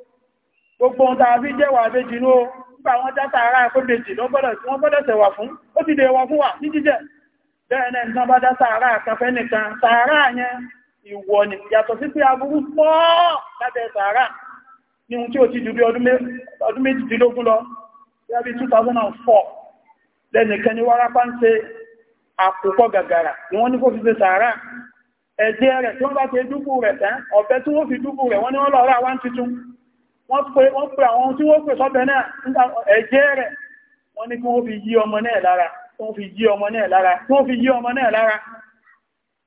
gbogbo ohun tàbí jẹ́wà méjì ní ó wọn dátà ara ẹ̀kọ́ méjì ló gbọ́dọ̀ fún ó ti dẹ̀wà fún wa ní jíjẹ́ bẹ́ẹ̀ náà nǹkan ni 2004 lẹ́nìkan ni wárápá ń ṣe àkùkọ gàgàrà ni wọ́n ní kó fi ṣe tààrà ẹ̀jẹ̀ rẹ̀ tí wọ́n bá ṣe dúkù rẹ̀ tán ọ̀bẹ tí wọ́n fi dúkù rẹ̀ wọ́n ní wọ́n lọ ra tuntun wọ́n pè àwọn tí wọ́n pè sọ́bẹ̀ náà ẹ̀jẹ́ rẹ̀ wọ́n ní kí wọ́n fi yí ọmọ náà lára tí wọ́n fi yí ọmọ náà lára tí wọ́n fi yí ọmọ náà lára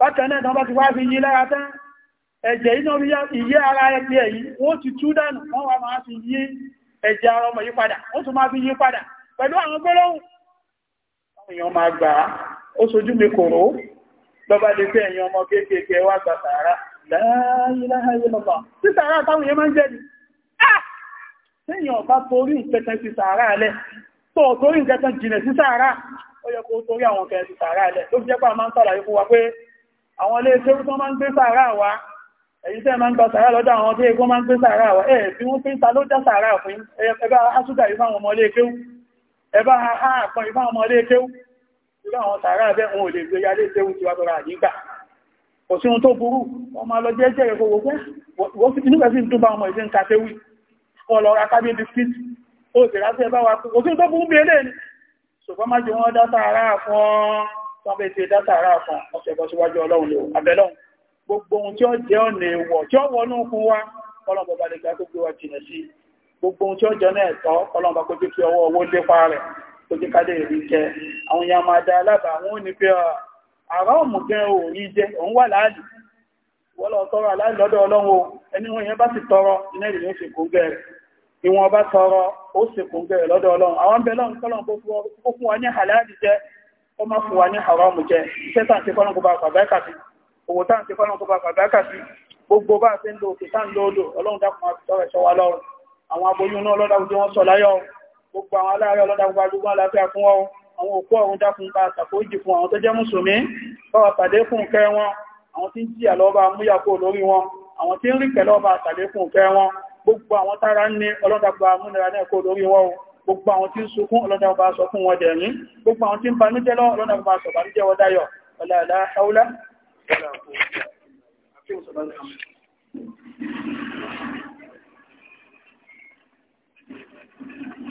bákan náà tán bá ti wá fi yí lára tán ẹ̀jẹ̀ iná rí ìyẹ́ ara ẹgbẹ́ èyí wọ́n ti tú dànù wọ́n wá máa fi yí ẹ̀jẹ̀ ara ọmọ yí padà ó tún máa fi yí padà pẹ̀lú àwọn gbólóhùn èèyàn máa gbà á ó sojú mi kòrò lọ́ba lè fẹ́ èèyàn ọmọ kéékèèké wá gbà sàárà láàáyí láàáyí lọ́ba tí sàárà táwọn èèyàn máa ń jẹ́ nìí téèyàn bá torí nǹkan sí sàárà alẹ́ tó torí nǹkan jìnà sí sàárà ó yẹ kó torí àwọn nǹkan sí sàárà alẹ́ tó jẹ́ pà máa ń sàlàyé fún wa pé àwọn ilé iṣẹ́ tó máa ń gbé sàárà wa èyí tẹ́ máa ń gba sàárà lọ́dọ̀ àwọn tí èkó máa ń gbé sàárà wa ẹ̀ bí wọ́n fi ń ta ló já sàárà fún ẹbá asúgbà yìí fáwọn ọmọ ilé kéwú ẹbá àpọn ìfáwọn ọmọ ilé kéwú irú àwọn sàárà bẹ́ òun ò lè gbé yálé kéwú ti wá tọrọ àyíká kò sí ohun tó burú wọ́n máa lọ jẹ́ jẹ́rẹ̀ fowó pé wọ́n fi nígbà sí ń dún bá ọmọ ìṣẹ́ ń ka kéwú kọ́ lọ ra kábí biskit ó sì rá sí ẹbá wa kò sí tó burú bèèrè ni ṣùgbọ́n má jẹ wọ́n dátà ara fún wọn bẹ́ẹ̀ ti dátà ara fún ọ̀sẹ̀ bọ́ síwájú ọlọ́run lè abẹ́lọ́run gbogbo ohun tí ó jẹ́ ọ̀nà èèwọ̀ tí ó wọnú fún wa ọlọ́run bọ̀bá lè gbá tó gbé wa jìnà sí gbogbo ohun tí ó jẹ́ náà ẹ̀tọ́ ọlọ́run bá kó jẹ́ kí ọwọ́ owó lépa rẹ̀ tó jẹ́ kádé rí jẹ àwọn ya máa dá alábà àwọn ò ní pé àrá ọ̀mù gan ò rí jẹ wọ́n lọ tọrọ aláìlọ́dọ̀ ọlọ́run ẹni wọn yẹn bá ti tọrọ iná ìrìn kó gẹ̀rẹ̀ ìwọ̀n bá tọrọ ó sì kún gẹ̀rẹ̀ lọ́dọ̀ ọlọ́run àwọn bẹ lọ́run kọ́lọ̀ kó fún wa ní halali jẹ ó má fún wa ní haram jẹ iṣẹ́ tàǹtí kọ́lọ̀ kó bá pàbákà sí owó tàǹtí kọ́lọ̀ kó bá pàbákà sí gbogbo bá ṣe ń lo òkè tán lóòlò ọlọ́run dákun àtọ́rẹ̀ ṣọwa lọ́rùn àwọn aboyún náà lọ́dákun tí wọ́n sọ láyọ̀ gbogbo àwọn aláàrẹ̀ ọlọ́dákun bá gbogbo àlàáfíà fún wọn àwọn òkú ọ̀run dákun bá àtàkójì fún àwọn tó jẹ́ mùsùlùmí báwa pàdé fún kẹ́ wọn àwọn tí ń jìyà lọ́ba múyàkó lórí wọn àwọn tí ń rí pẹ̀lú ọba àtàlékùn kẹ́ wọn gbogbo àwọn tára ní ọlọ́dàgbà múnira ní ẹ̀kọ́ lórí wọ́n gbogbo àwọn tí ń sunkún ọlọ́dàgbà sọ fún wọn dẹ̀rín gbogbo àwọn tí ń banújẹ́ lọ ọlọ́dàgbà sọ banújẹ́ dáyọ̀ ọlọ́dà